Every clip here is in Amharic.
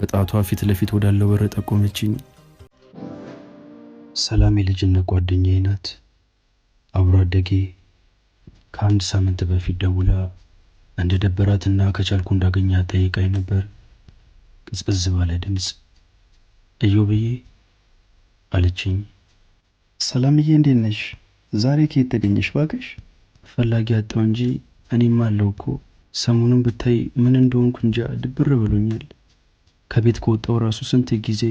በጣቷ ፊት ለፊት ወዳለው በር ጠቆመችኝ። ሰላም የልጅነት ጓደኛዬ ናት። አብሮ አደጌ ከአንድ ሳምንት በፊት ደውላ እንደ ደበራትና ከቻልኩ እንዳገኛ ጠይቃኝ ነበር። ቅዝቅዝ ባለ ድምፅ እዮብዬ አለችኝ። ሰላምዬ እንዴት ነሽ? ዛሬ ከየት ተገኘሽ? ባክሽ ፈላጊ አጣው እንጂ እኔም አለው እኮ ሰሞኑን ብታይ ምን እንደሆንኩ እንጃ ድብር ብሎኛል። ከቤት ከወጣው ራሱ ስንት ጊዜ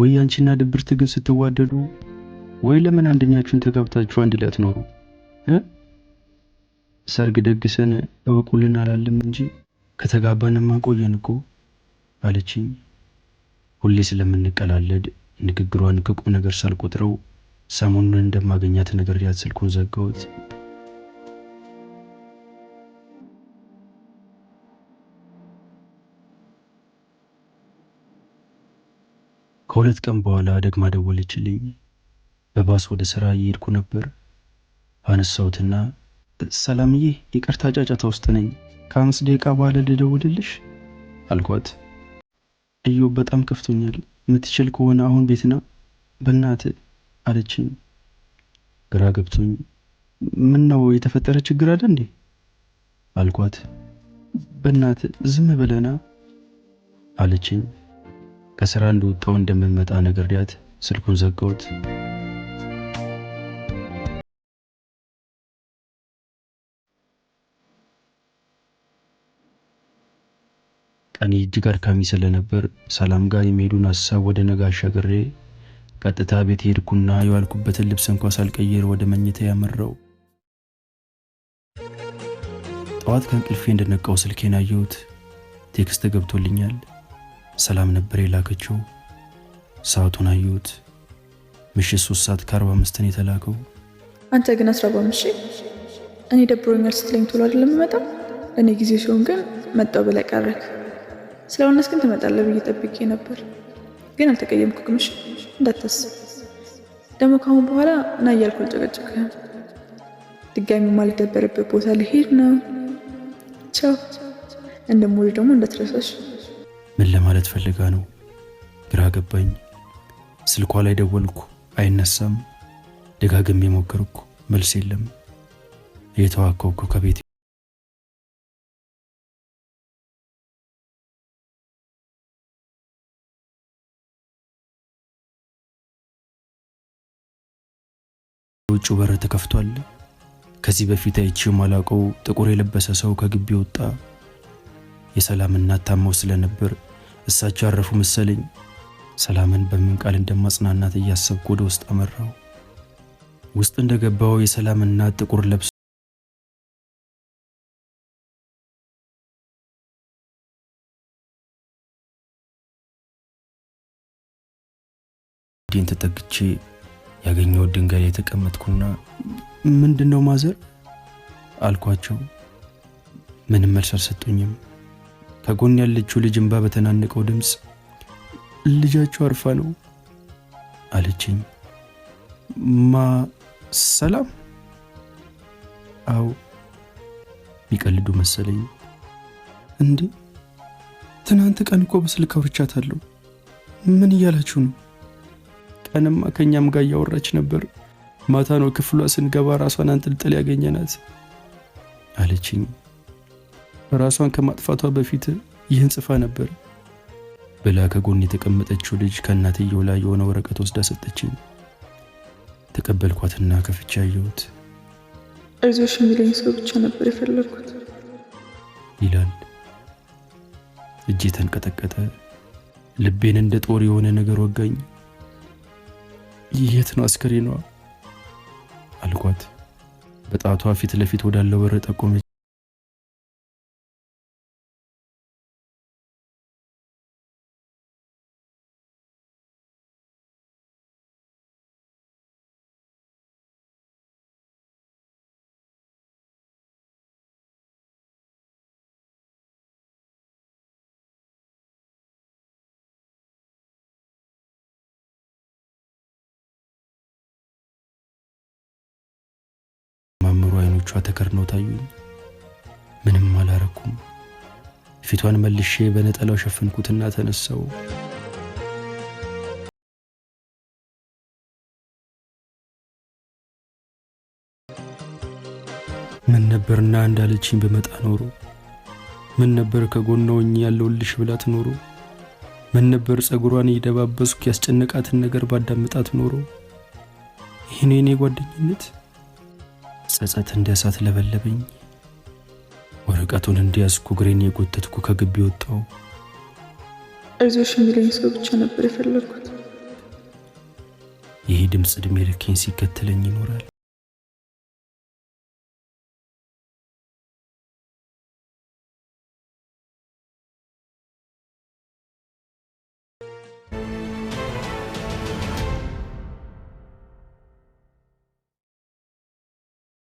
ወይ አንቺና ድብርት ግን ስትዋደዱ ወይ ለምን አንደኛችሁን ተጋብታችሁ አንድ ላይ አትኖሩ? ሰርግ ደግሰን እወቁልን አላለም እንጂ ከተጋባንማ ቆየን እኮ አለችኝ። ሁሌ ስለምንቀላለድ ንግግሯን ከቁም ነገር ሳልቆጥረው ሰሞኑን እንደማገኛት ነገር ያት ስልኩን ዘጋሁት። ከሁለት ቀን በኋላ ደግማ ደወለችልኝ። በባስ ወደ ስራ እየሄድኩ ነበር። አነሳሁትና ሰላምዬ፣ ይቅርታ ጫጫታ ውስጥ ነኝ፣ ከአምስት ደቂቃ በኋላ ልደውልልሽ አልኳት። እዮ፣ በጣም ከፍቶኛል፣ የምትችል ከሆነ አሁን ቤትና በእናት አለችኝ። ግራ ገብቶኝ ምን ነው የተፈጠረ ችግር አለ እንዴ አልኳት። በእናት ዝም ብለና አለችኝ። ከስራ እንደወጣው ነገር ነግሬያት ስልኩን ዘጋሁት። ቀኔ እጅግ አድካሚ ስለነበር ሰላም ጋር የሚሄዱን ሀሳብ ወደ ነገ አሻግሬ ቀጥታ ቤት ሄድኩና የዋልኩበትን ልብስ እንኳ ሳልቀይር ወደ መኝታ ያመራው። ጠዋት ከእንቅልፌ እንደነቃው ስልኬን አየሁት። ቴክስት ገብቶልኛል። ሰላም ነበር የላከችው። ሰዓቱን አየሁት። ምሽት ሶስት ሰዓት ከአርባ አምስትን የተላከው። አንተ ግን አስራ በምሽ እኔ ደብሮኛል ስትለኝ ቶሎ አይደለም መጣ እኔ ጊዜ ሲሆን ግን መጣው ብለህ ቀረክ። ስለ ግን ትመጣለህ ብዬ ጠብቄ ነበር፣ ግን አልተቀየምኩ። ግምሽ እንዳታስብ ደግሞ ካሁን በኋላ እና እያልኩ አልጨቀጨቅህም። ድጋሚ ማልደበርበት ቦታ ልሄድ ነው። ቻው። እንደምወድ ደግሞ እንዳትረሳሽ። ምን ለማለት ፈልጋ ነው? ግራ ገባኝ። ስልኳ ላይ ደወልኩ፣ አይነሳም። ደጋግሜ ሞከርኩ፣ መልስ የለም። እየተዋከብኩ ከቤት ውጭ በር ተከፍቷል። ከዚህ በፊት አይቼው ማላውቀው ጥቁር የለበሰ ሰው ከግቢ ወጣ። የሰላም እናት ታመው ስለነበር እሳቸው አረፉ መሰለኝ። ሰላምን በምን ቃል እንደማጽናናት እያሰብኩ ወደ ውስጥ አመራው። ውስጥ እንደገባው የሰላም እናት ጥቁር ለብሶ ዲን ተጠግቼ ያገኘው ድንጋይ የተቀመጥኩና ምንድን ነው ማዘር አልኳቸው። ምንም መልስ አልሰጡኝም። ከጎን ያለችው ልጅ እንባ በተናነቀው ድምፅ ልጃችሁ አርፋ ነው አለችኝ። ማ ሰላም? አው ሊቀልዱ መሰለኝ። እንዴ ትናንት ቀን እኮ በስልክ አውርቻታለሁ። ምን እያላችሁ ነው? ቀንማ ከእኛም ጋር እያወራች ነበር። ማታ ነው ክፍሏ ስንገባ ራሷን አንጠልጥል ያገኘናት አለችኝ። ራሷን ከማጥፋቷ በፊት ይህን ጽፋ ነበር ብላ ከጎን የተቀመጠችው ልጅ ከእናትየው ላይ የሆነ ወረቀት ወስዳ ሰጠችኝ። ተቀበልኳትና ከፍቼ አየሁት። አይዞሽ የሚለኝ ሰው ብቻ ነበር የፈለግኩት ይላል። እጄ ተንቀጠቀጠ። ልቤን እንደ ጦር የሆነ ነገር ወጋኝ። የት ነው አስከሬኗ አልኳት። በጣቷ ፊት ለፊት ወዳለው በር ጠቆመች። የሚያማምሩ አይኖቿ ተከርነው ታዩኝ። ምንም አላረኩም። ፊቷን መልሼ በነጠላው ሸፈንኩትና ተነሳው። ምን ነበርና እንዳለችኝ በመጣ ኖሮ ምን ነበር ከጎኗ ሆኜ ልሽ ብላት ኖሮ ምን ነበር ጸጉሯን እየደባበስኩ ያስጨነቃትን ነገር ባዳምጣት ኖሮ ይህን የኔ ጓደኝነት ጸጸት እንደ እሳት ለበለበኝ። ወረቀቱን እንዲያዝኩ እግሬን የጎተትኩ ከግቢ ወጣው። አይዞሽ የሚለኝ ሰው ብቻ ነበር የፈለግኩት። ይህ ድምፅ እድሜ ልኬን ሲከተለኝ ይኖራል።